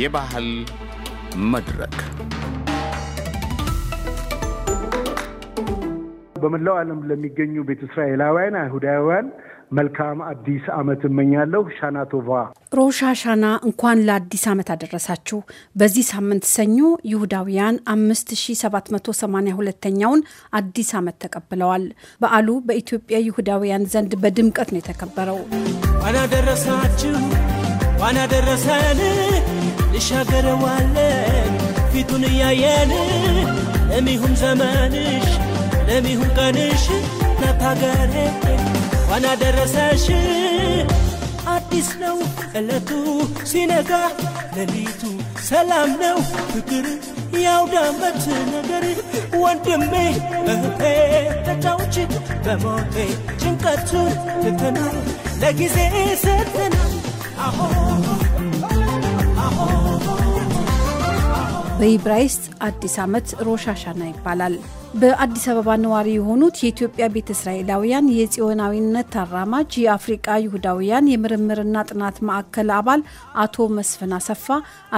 የባህል መድረክ በመላው ዓለም ለሚገኙ ቤተ እስራኤላውያን አይሁዳውያን መልካም አዲስ ዓመት እመኛለሁ። ሻና ቶቫ ሻና እንኳን ለአዲስ ዓመት አደረሳችሁ። በዚህ ሳምንት ሰኞ ይሁዳውያን 5782ኛውን አዲስ ዓመት ተቀብለዋል። በዓሉ በኢትዮጵያ ይሁዳውያን ዘንድ በድምቀት ነው የተከበረው። ዋና ደረሳችሁ ዋና ደረሰን እሻገረዋለን ፊቱን እያየን ለሚሁን ዘመንሽ ለሚሁን ቀንሽ ናታገሬ ዋና ደረሰሽ አዲስ ነው ዕለቱ ሲነጋ ለሊቱ ሰላም ነው ፍቅር ያውዳመት ነገር ወንድሜ እህቴ ተጫውች በሞቴ ጭንቀቱ ትተናል ለጊዜ ሰተናል አሆ በኢብራይስጥ አዲስ ዓመት ሮሻሻና ይባላል። በአዲስ አበባ ነዋሪ የሆኑት የኢትዮጵያ ቤተ እስራኤላውያን የጽዮናዊነት አራማጅ የአፍሪቃ ይሁዳውያን የምርምርና ጥናት ማዕከል አባል አቶ መስፍን አሰፋ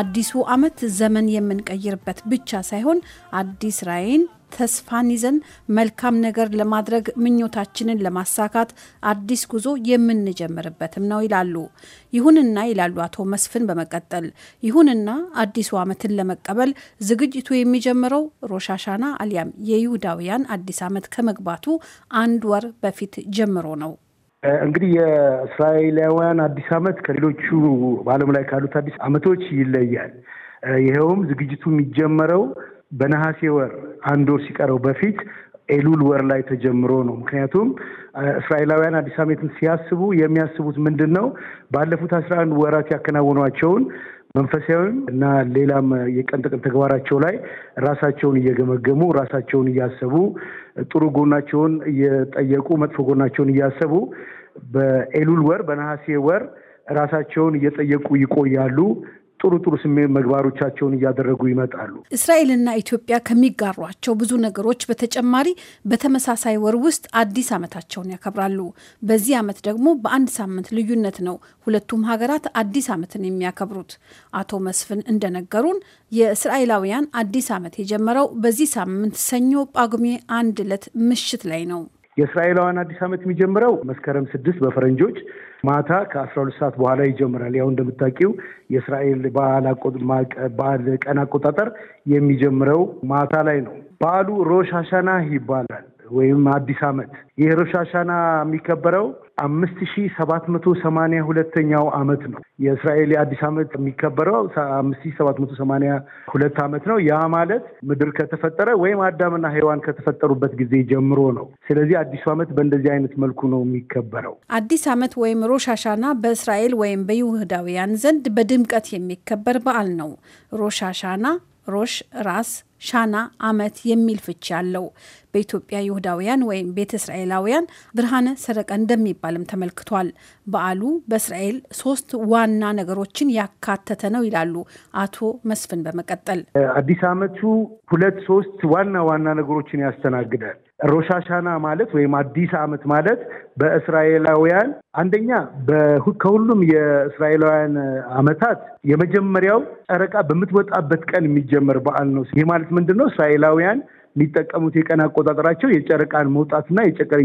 አዲሱ ዓመት ዘመን የምንቀይርበት ብቻ ሳይሆን አዲስ ራዕይን ተስፋን ይዘን መልካም ነገር ለማድረግ ምኞታችንን ለማሳካት አዲስ ጉዞ የምንጀምርበትም ነው ይላሉ። ይሁንና ይላሉ አቶ መስፍን በመቀጠል ይሁንና አዲሱ ዓመትን ለመቀበል ዝግጅቱ የሚጀምረው ሮሻሻና አሊያም የይሁዳውያን አዲስ ዓመት ከመግባቱ አንድ ወር በፊት ጀምሮ ነው። እንግዲህ የእስራኤላውያን አዲስ ዓመት ከሌሎቹ በዓለም ላይ ካሉት አዲስ ዓመቶች ይለያል። ይኸውም ዝግጅቱ የሚጀመረው በነሐሴ ወር አንድ ወር ሲቀረው በፊት ኤሉል ወር ላይ ተጀምሮ ነው። ምክንያቱም እስራኤላውያን አዲስ ዓመትን ሲያስቡ የሚያስቡት ምንድን ነው? ባለፉት አስራ አንድ ወራት ያከናወኗቸውን መንፈሳዊም እና ሌላም የቀን ተቀን ተግባራቸው ላይ ራሳቸውን እየገመገሙ ራሳቸውን እያሰቡ ጥሩ ጎናቸውን እየጠየቁ መጥፎ ጎናቸውን እያሰቡ በኤሉል ወር በነሐሴ ወር ራሳቸውን እየጠየቁ ይቆያሉ። ጥሩ ጥሩ ስሜ መግባሮቻቸውን እያደረጉ ይመጣሉ። እስራኤልና ኢትዮጵያ ከሚጋሯቸው ብዙ ነገሮች በተጨማሪ በተመሳሳይ ወር ውስጥ አዲስ ዓመታቸውን ያከብራሉ። በዚህ ዓመት ደግሞ በአንድ ሳምንት ልዩነት ነው ሁለቱም ሀገራት አዲስ ዓመትን የሚያከብሩት። አቶ መስፍን እንደነገሩን የእስራኤላውያን አዲስ ዓመት የጀመረው በዚህ ሳምንት ሰኞ ጳጉሜ አንድ ዕለት ምሽት ላይ ነው። የእስራኤላውያን አዲስ ዓመት የሚጀምረው መስከረም ስድስት በፈረንጆች ማታ ከአስራ ሁለት ሰዓት በኋላ ይጀምራል። ያው እንደምታውቂው የእስራኤል በዓል ቀን አቆጣጠር የሚጀምረው ማታ ላይ ነው። በዓሉ ሮሽ ሀሻና ይባላል። ወይም አዲስ ዓመት ይህ ሮሻሻና የሚከበረው አምስት ሺ ሰባት መቶ ሰማኒያ ሁለተኛው ዓመት ነው። የእስራኤል የአዲስ ዓመት የሚከበረው አምስት ሺ ሰባት መቶ ሰማኒያ ሁለት ዓመት ነው። ያ ማለት ምድር ከተፈጠረ ወይም አዳምና ሔዋን ከተፈጠሩበት ጊዜ ጀምሮ ነው። ስለዚህ አዲሱ ዓመት በእንደዚህ አይነት መልኩ ነው የሚከበረው። አዲስ ዓመት ወይም ሮሻሻና በእስራኤል ወይም በይሁዳውያን ዘንድ በድምቀት የሚከበር በዓል ነው። ሮሻሻና። ሮሽ ራስ ሻና አመት የሚል ፍቺ አለው። በኢትዮጵያ ይሁዳውያን ወይም ቤተ እስራኤላውያን ብርሃነ ሰረቀ እንደሚባልም ተመልክቷል። በዓሉ በእስራኤል ሶስት ዋና ነገሮችን ያካተተ ነው ይላሉ አቶ መስፍን። በመቀጠል አዲስ አመቱ ሁለት ሶስት ዋና ዋና ነገሮችን ያስተናግዳል። ሮሻሻና ማለት ወይም አዲስ ዓመት ማለት በእስራኤላውያን አንደኛ ከሁሉም የእስራኤላውያን ዓመታት የመጀመሪያው ጨረቃ በምትወጣበት ቀን የሚጀመር በዓል ነው። ይህ ማለት ምንድን ነው? እስራኤላውያን የሚጠቀሙት የቀን አቆጣጠራቸው የጨረቃን መውጣትና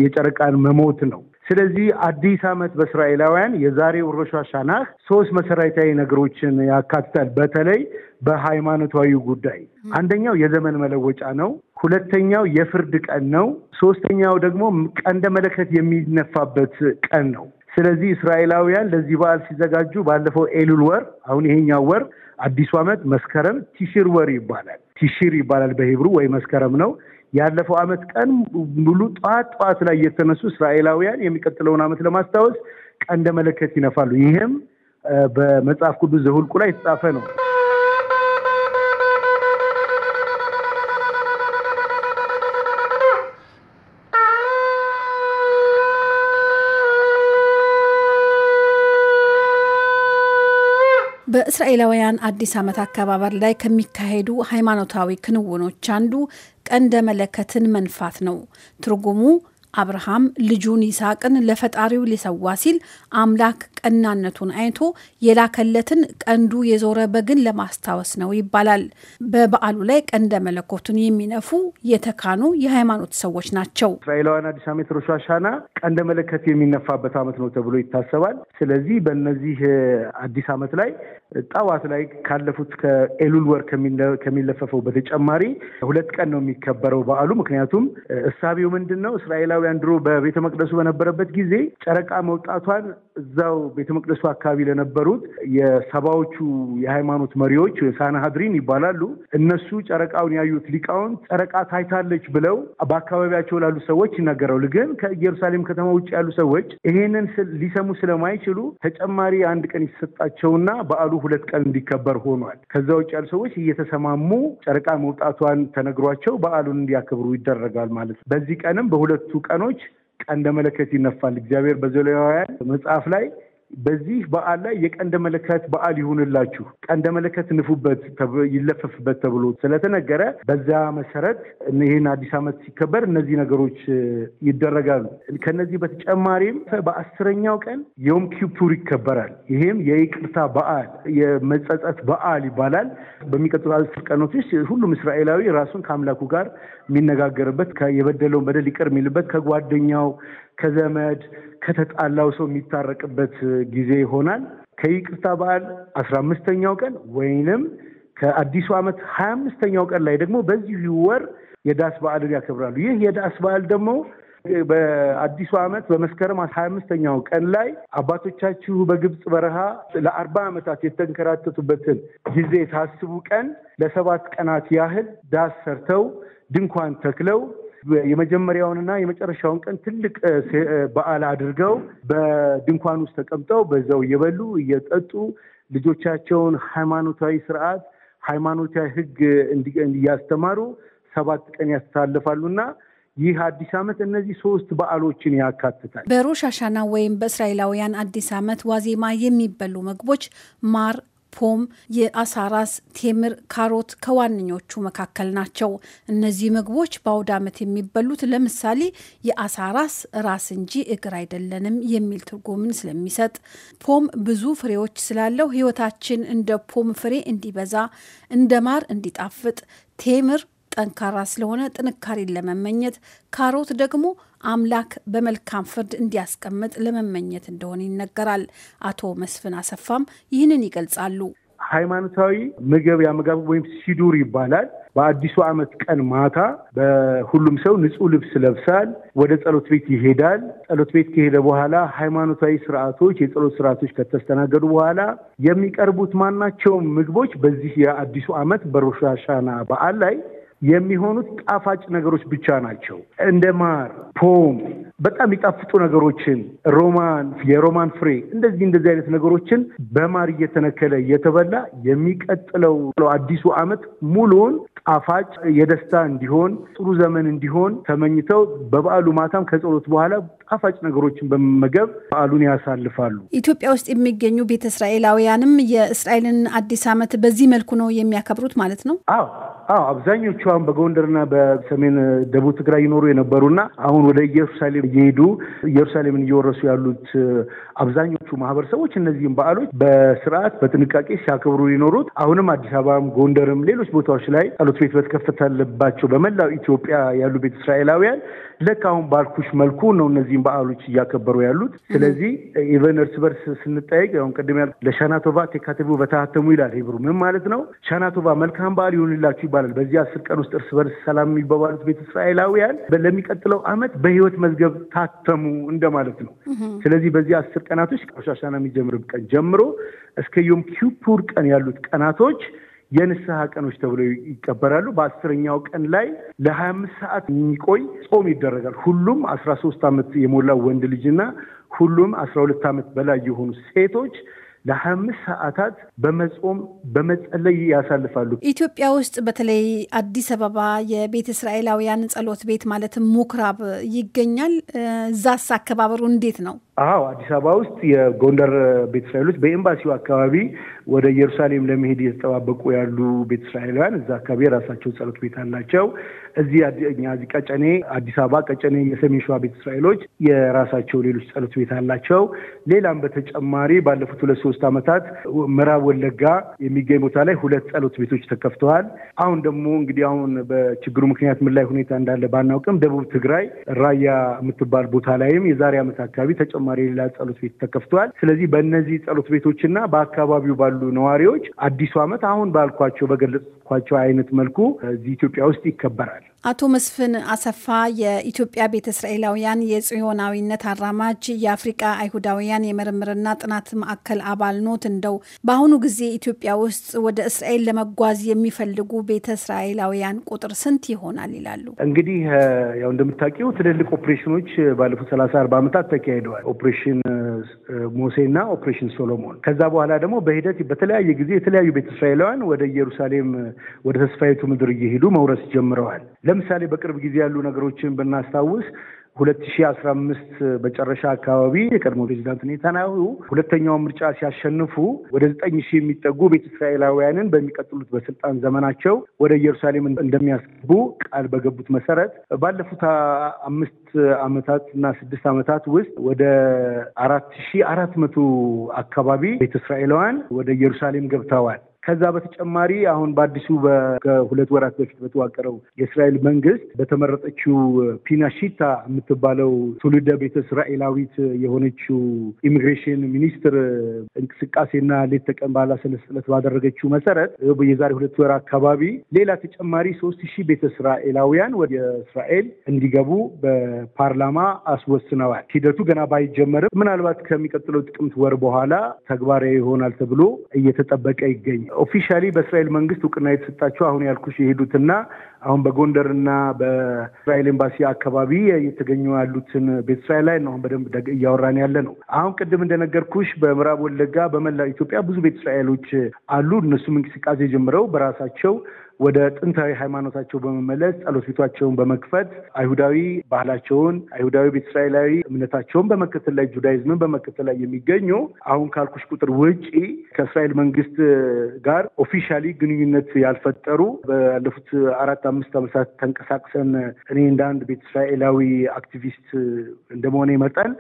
የጨረቃን መሞት ነው። ስለዚህ አዲስ ዓመት በእስራኤላውያን የዛሬው ሮሽ ሻናህ ሶስት መሰረታዊ ነገሮችን ያካትታል። በተለይ በሃይማኖታዊ ጉዳይ አንደኛው የዘመን መለወጫ ነው። ሁለተኛው የፍርድ ቀን ነው። ሶስተኛው ደግሞ ቀንደ መለከት የሚነፋበት ቀን ነው። ስለዚህ እስራኤላውያን ለዚህ በዓል ሲዘጋጁ ባለፈው ኤሉል ወር አሁን ይሄኛው ወር አዲሱ ዓመት መስከረም ቲሽር ወር ይባላል። ቲሽር ይባላል በሂብሩ ወይ መስከረም ነው። ያለፈው አመት ቀን ሙሉ ጠዋት ጠዋት ላይ የተነሱ እስራኤላውያን የሚቀጥለውን አመት ለማስታወስ ቀንደ መለከት ይነፋሉ። ይህም በመጽሐፍ ቅዱስ ዘሁልቁ ላይ የተጻፈ ነው። በእስራኤላውያን አዲስ ዓመት አከባበር ላይ ከሚካሄዱ ሃይማኖታዊ ክንውኖች አንዱ ቀንደ መለከትን መንፋት ነው። ትርጉሙ አብርሃም ልጁን ይስሐቅን ለፈጣሪው ሊሰዋ ሲል አምላክ ቀናነቱን አይቶ የላከለትን ቀንዱ የዞረ በግን ለማስታወስ ነው ይባላል። በበዓሉ ላይ ቀንደ መለኮቱን የሚነፉ የተካኑ የሃይማኖት ሰዎች ናቸው። እስራኤላውያን አዲስ ዓመት ሮሽ ቀንደ መለከት የሚነፋበት ዓመት ነው ተብሎ ይታሰባል። ስለዚህ በእነዚህ አዲስ ዓመት ላይ ጠዋት ላይ ካለፉት ከኤሉል ወር ከሚለፈፈው በተጨማሪ ሁለት ቀን ነው የሚከበረው በዓሉ። ምክንያቱም እሳቤው ምንድን ነው? እስራኤላውያን ድሮ በቤተ መቅደሱ በነበረበት ጊዜ ጨረቃ መውጣቷን እዛው ቤተ መቅደሱ አካባቢ ለነበሩት የሰባዎቹ የሃይማኖት መሪዎች ሳናሀድሪን ይባላሉ። እነሱ ጨረቃውን ያዩት ሊቃውንት ጨረቃ ታይታለች ብለው በአካባቢያቸው ላሉ ሰዎች ይናገራሉ። ግን ከኢየሩሳሌም ከተማ ውጭ ያሉ ሰዎች ይሄንን ሊሰሙ ስለማይችሉ ተጨማሪ አንድ ቀን የተሰጣቸውና በዓሉ ሁለት ቀን እንዲከበር ሆኗል። ከዛ ውጭ ያሉ ሰዎች እየተሰማሙ ጨረቃ መውጣቷን ተነግሯቸው በዓሉን እንዲያከብሩ ይደረጋል ማለት ነው። በዚህ ቀንም በሁለቱ ቀኖች ቀንደ መለከት ይነፋል። እግዚአብሔር በዘሌዋውያን መጽሐፍ ላይ በዚህ በዓል ላይ የቀንደ መለከት በዓል ይሁንላችሁ፣ ቀንደ መለከት ንፉበት፣ ይለፈፍበት ተብሎ ስለተነገረ በዛ መሰረት ይህን አዲስ ዓመት ሲከበር እነዚህ ነገሮች ይደረጋሉ። ከነዚህ በተጨማሪም በአስረኛው ቀን ዮም ኪፑር ይከበራል። ይህም የይቅርታ በዓል የመጸጸት በዓል ይባላል። በሚቀጥሉ አስር ቀኖች ውስጥ ሁሉም እስራኤላዊ ራሱን ከአምላኩ ጋር የሚነጋገርበት የበደለውን በደል ይቅር የሚልበት ከጓደኛው ከዘመድ ከተጣላው ሰው የሚታረቅበት ጊዜ ይሆናል። ከይቅርታ በዓል አስራ አምስተኛው ቀን ወይንም ከአዲሱ ዓመት ሀያ አምስተኛው ቀን ላይ ደግሞ በዚህ ወር የዳስ በዓልን ያከብራሉ። ይህ የዳስ በዓል ደግሞ በአዲሱ ዓመት በመስከረም ሀያ አምስተኛው ቀን ላይ አባቶቻችሁ በግብፅ በረሃ ለአርባ ዓመታት የተንከራተቱበትን ጊዜ ታስቡ ቀን ለሰባት ቀናት ያህል ዳስ ሰርተው ድንኳን ተክለው የመጀመሪያውንና የመጨረሻውን ቀን ትልቅ በዓል አድርገው በድንኳን ውስጥ ተቀምጠው በዛው እየበሉ እየጠጡ ልጆቻቸውን ሃይማኖታዊ ስርዓት፣ ሃይማኖታዊ ህግ እያስተማሩ ሰባት ቀን ያስተላልፋሉና ይህ አዲስ ዓመት እነዚህ ሶስት በዓሎችን ያካትታል። በሮሻሻና ወይም በእስራኤላውያን አዲስ ዓመት ዋዜማ የሚበሉ ምግቦች ማር ፖም፣ የአሳ ራስ፣ ቴምር፣ ካሮት ከዋነኞቹ መካከል ናቸው። እነዚህ ምግቦች በአውድ ዓመት የሚበሉት ለምሳሌ የአሳ ራስ ራስ እንጂ እግር አይደለንም የሚል ትርጉምን ስለሚሰጥ፣ ፖም ብዙ ፍሬዎች ስላለው ህይወታችን እንደ ፖም ፍሬ እንዲበዛ፣ እንደ ማር እንዲጣፍጥ፣ ቴምር ጠንካራ ስለሆነ ጥንካሬን ለመመኘት፣ ካሮት ደግሞ አምላክ በመልካም ፍርድ እንዲያስቀምጥ ለመመኘት እንደሆነ ይነገራል። አቶ መስፍን አሰፋም ይህንን ይገልጻሉ። ሃይማኖታዊ ምግብ ያመጋቡ ወይም ሲዱር ይባላል። በአዲሱ ዓመት ቀን ማታ በሁሉም ሰው ንጹህ ልብስ ለብሳል። ወደ ጸሎት ቤት ይሄዳል። ጸሎት ቤት ከሄደ በኋላ ሃይማኖታዊ ስርዓቶች፣ የጸሎት ስርዓቶች ከተስተናገዱ በኋላ የሚቀርቡት ማናቸውም ምግቦች በዚህ የአዲሱ ዓመት በሮሻሻና በዓል ላይ የሚሆኑት ጣፋጭ ነገሮች ብቻ ናቸው። እንደ ማር፣ ፖም በጣም የሚጣፍጡ ነገሮችን ሮማን፣ የሮማን ፍሬ እንደዚህ እንደዚህ አይነት ነገሮችን በማር እየተነከለ እየተበላ የሚቀጥለው አዲሱ ዓመት ሙሉውን ጣፋጭ የደስታ እንዲሆን ጥሩ ዘመን እንዲሆን ተመኝተው በበዓሉ ማታም ከጸሎት በኋላ ጣፋጭ ነገሮችን በመመገብ በዓሉን ያሳልፋሉ። ኢትዮጵያ ውስጥ የሚገኙ ቤተ እስራኤላውያንም የእስራኤልን አዲስ ዓመት በዚህ መልኩ ነው የሚያከብሩት ማለት ነው። አዎ አዎ አብዛኞቹ አሁን በጎንደርና በሰሜን ደቡብ ትግራይ ይኖሩ የነበሩና አሁን ወደ ኢየሩሳሌም እየሄዱ ኢየሩሳሌምን እየወረሱ ያሉት አብዛኞቹ ማህበረሰቦች እነዚህም በዓሎች በስርዓት በጥንቃቄ ሲያከብሩ ይኖሩት አሁንም አዲስ አበባም ጎንደርም ሌሎች ቦታዎች ላይ ጸሎት ቤት በተከፈተለባቸው በመላው ኢትዮጵያ ያሉ ቤተ እስራኤላውያን ልክ አሁን ባልኩሽ መልኩ ነው እነዚህም በዓሎች እያከበሩ ያሉት። ስለዚህ ኢቨን እርስ በርስ ስንጠይቅ ሁን ቅድም ያልኩት ለሻናቶቫ ቴካቴቡ በታተሙ ይላል ሂብሩ ምን ማለት ነው? ሻናቶቫ መልካም በዓል ይሁንላችሁ ይባላል። በዚህ አስር ቀን ውስጥ እርስ በርስ ሰላም የሚባባሉት ቤተ እስራኤላውያን ለሚቀጥለው ዓመት በህይወት መዝገብ ታተሙ እንደማለት ነው። ስለዚህ በዚህ አስር ቀናቶች ከሻሻና የሚጀምርብ ቀን ጀምሮ እስከ ዮም ኪፑር ቀን ያሉት ቀናቶች የንስሐ ቀኖች ተብለው ይቀበራሉ። በአስረኛው ቀን ላይ ለሀያ አምስት ሰዓት የሚቆይ ጾም ይደረጋል። ሁሉም አስራ ሶስት ዓመት የሞላው ወንድ ልጅና ሁሉም አስራ ሁለት ዓመት በላይ የሆኑ ሴቶች ለሀያ አምስት ሰዓታት በመጾም በመጸለይ ያሳልፋሉ። ኢትዮጵያ ውስጥ በተለይ አዲስ አበባ የቤተ እስራኤላውያን ጸሎት ቤት ማለትም ምኩራብ ይገኛል። እዛስ አከባበሩ እንዴት ነው? አዎ አዲስ አበባ ውስጥ የጎንደር ቤተ እስራኤሎች በኤምባሲው አካባቢ ወደ ኢየሩሳሌም ለመሄድ እየተጠባበቁ ያሉ ቤተ እስራኤላውያን እዛ አካባቢ የራሳቸው ጸሎት ቤት አላቸው። እዚህ እዚህ ቀጨኔ አዲስ አበባ ቀጨኔ የሰሜን ሸዋ ቤተ እስራኤሎች የራሳቸው ሌሎች ጸሎት ቤት አላቸው። ሌላም በተጨማሪ ባለፉት ሁለት ሶስት ዓመታት ምዕራብ ወለጋ የሚገኝ ቦታ ላይ ሁለት ጸሎት ቤቶች ተከፍተዋል። አሁን ደግሞ እንግዲህ አሁን በችግሩ ምክንያት ምን ላይ ሁኔታ እንዳለ ባናውቅም ደቡብ ትግራይ ራያ የምትባል ቦታ ላይም የዛሬ ዓመት አካባቢ ተጨማሪ ሌላ ጸሎት ቤት ተከፍተዋል። ስለዚህ በእነዚህ ጸሎት ቤቶችና በአካባቢው ባሉ ነዋሪዎች አዲሱ ዓመት አሁን ባልኳቸው በገለጽኳቸው አይነት መልኩ እዚህ ኢትዮጵያ ውስጥ ይከበራል። አቶ መስፍን አሰፋ የኢትዮጵያ ቤተ እስራኤላውያን የጽዮናዊነት አራማጅ የአፍሪቃ አይሁዳውያን የምርምርና ጥናት ማዕከል አባል ኖት። እንደው በአሁኑ ጊዜ ኢትዮጵያ ውስጥ ወደ እስራኤል ለመጓዝ የሚፈልጉ ቤተ እስራኤላውያን ቁጥር ስንት ይሆናል ይላሉ? እንግዲህ ያው እንደምታውቂው ትልልቅ ኦፕሬሽኖች ባለፉት ሰላሳ አርባ ዓመታት ተካሂደዋል። ኦፕሬሽን ሙሴና ኦፕሬሽን ሶሎሞን ከዛ በኋላ ደግሞ በሂደት በተለያየ ጊዜ የተለያዩ ቤተ እስራኤላውያን ወደ ኢየሩሳሌም ወደ ተስፋይቱ ምድር እየሄዱ መውረስ ጀምረዋል። ለምሳሌ በቅርብ ጊዜ ያሉ ነገሮችን ብናስታውስ ሁለት ሺ አስራ አምስት መጨረሻ አካባቢ የቀድሞ ፕሬዚዳንት ኔታንያሁ ሁለተኛውን ምርጫ ሲያሸንፉ ወደ ዘጠኝ ሺህ የሚጠጉ ቤተ እስራኤላውያንን በሚቀጥሉት በስልጣን ዘመናቸው ወደ ኢየሩሳሌም እንደሚያስገቡ ቃል በገቡት መሰረት ባለፉት አምስት አመታት እና ስድስት አመታት ውስጥ ወደ አራት ሺ አራት መቶ አካባቢ ቤተ እስራኤላውያን ወደ ኢየሩሳሌም ገብተዋል። ከዛ በተጨማሪ አሁን በአዲሱ ከሁለት ወራት በፊት በተዋቀረው የእስራኤል መንግስት በተመረጠችው ፒናሺታ የምትባለው ትውልደ ቤተ እስራኤላዊት የሆነችው ኢሚግሬሽን ሚኒስትር እንቅስቃሴና ሌት ተቀን ባላሰለስለት ባደረገችው መሰረት የዛሬ ሁለት ወር አካባቢ ሌላ ተጨማሪ ሶስት ሺህ ቤተ እስራኤላውያን ወደ እስራኤል እንዲገቡ በፓርላማ አስወስነዋል። ሂደቱ ገና ባይጀመርም ምናልባት ከሚቀጥለው ጥቅምት ወር በኋላ ተግባራዊ ይሆናል ተብሎ እየተጠበቀ ይገኛል። ኦፊሻሊ በእስራኤል መንግስት እውቅና የተሰጣቸው አሁን ያልኩሽ የሄዱትና አሁን በጎንደርና በእስራኤል ኤምባሲ አካባቢ የተገኙ ያሉትን ቤተሰብ ላይ አሁን በደንብ እያወራን ያለ ነው። አሁን ቅድም እንደነገርኩሽ በምዕራብ ወለጋ፣ በመላ ኢትዮጵያ ብዙ ቤተእስራኤሎች አሉ። እነሱም እንቅስቃሴ ጀምረው በራሳቸው ወደ ጥንታዊ ሃይማኖታቸው በመመለስ ጸሎት ቤቷቸውን በመክፈት አይሁዳዊ ባህላቸውን አይሁዳዊ ቤተ እስራኤላዊ እምነታቸውን በመከተል ላይ ጁዳይዝምን በመከተል ላይ የሚገኙ አሁን ካልኩሽ ቁጥር ውጪ ከእስራኤል መንግስት ጋር ኦፊሻሊ ግንኙነት ያልፈጠሩ ባለፉት አራት አምስት ዓመታት ተንቀሳቅሰን እኔ እንደ አንድ ቤተ እስራኤላዊ አክቲቪስት እንደመሆነ ይመጣል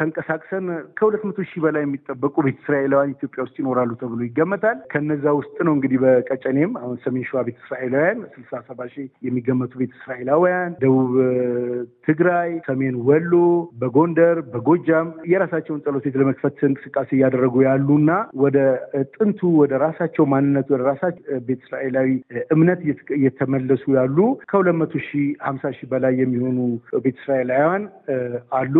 ተንቀሳቅሰን ከሁለት መቶ ሺህ በላይ የሚጠበቁ ቤተ እስራኤላውያን ኢትዮጵያ ውስጥ ይኖራሉ ተብሎ ይገመታል። ከነዛ ውስጥ ነው እንግዲህ በቀጨኔም አሁን ሰሜን ሸዋ ቤተ እስራኤላውያን ስልሳ ሰባ ሺህ የሚገመቱ ቤተ እስራኤላውያን፣ ደቡብ ትግራይ፣ ሰሜን ወሎ፣ በጎንደር፣ በጎጃም የራሳቸውን ጸሎት ቤት ለመክፈት እንቅስቃሴ እያደረጉ ያሉና ወደ ጥንቱ ወደ ራሳቸው ማንነት ወደ ራሳቸው ቤተ እስራኤላዊ እምነት እየተመለሱ ያሉ ከሁለት መቶ ሺህ ሀምሳ ሺህ በላይ የሚሆኑ ቤተ እስራኤላውያን አሉ።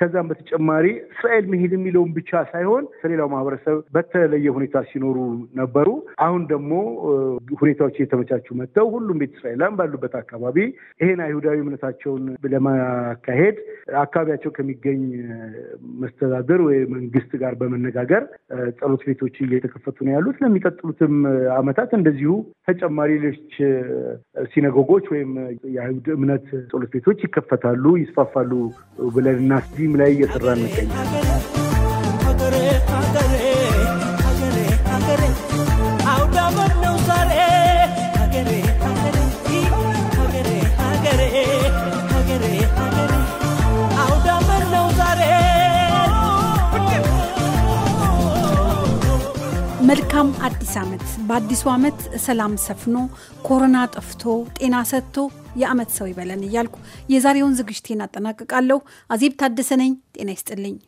ከዛም በተጨማሪ እስራኤል መሄድ የሚለውን ብቻ ሳይሆን ከሌላው ማህበረሰብ በተለየ ሁኔታ ሲኖሩ ነበሩ። አሁን ደግሞ ሁኔታዎች እየተመቻቹ መጥተው ሁሉም ቤተ እስራኤላውያን ባሉበት አካባቢ ይሄን አይሁዳዊ እምነታቸውን ለማ በማካሄድ አካባቢያቸው ከሚገኝ መስተዳድር ወይ መንግስት ጋር በመነጋገር ጸሎት ቤቶች እየተከፈቱ ነው ያሉት። ለሚቀጥሉትም አመታት እንደዚሁ ተጨማሪ ሌሎች ሲነጎጎች ወይም የአይሁድ እምነት ጸሎት ቤቶች ይከፈታሉ፣ ይስፋፋሉ ብለን እና እዚህም ላይ እየሰራ እንገኛለን። መልካም አዲስ ዓመት። በአዲሱ ዓመት ሰላም ሰፍኖ ኮሮና ጠፍቶ ጤና ሰጥቶ የዓመት ሰው ይበለን እያልኩ የዛሬውን ዝግጅቴን አጠናቅቃለሁ። አዜብ ታደሰ ነኝ። ጤና ይስጥልኝ።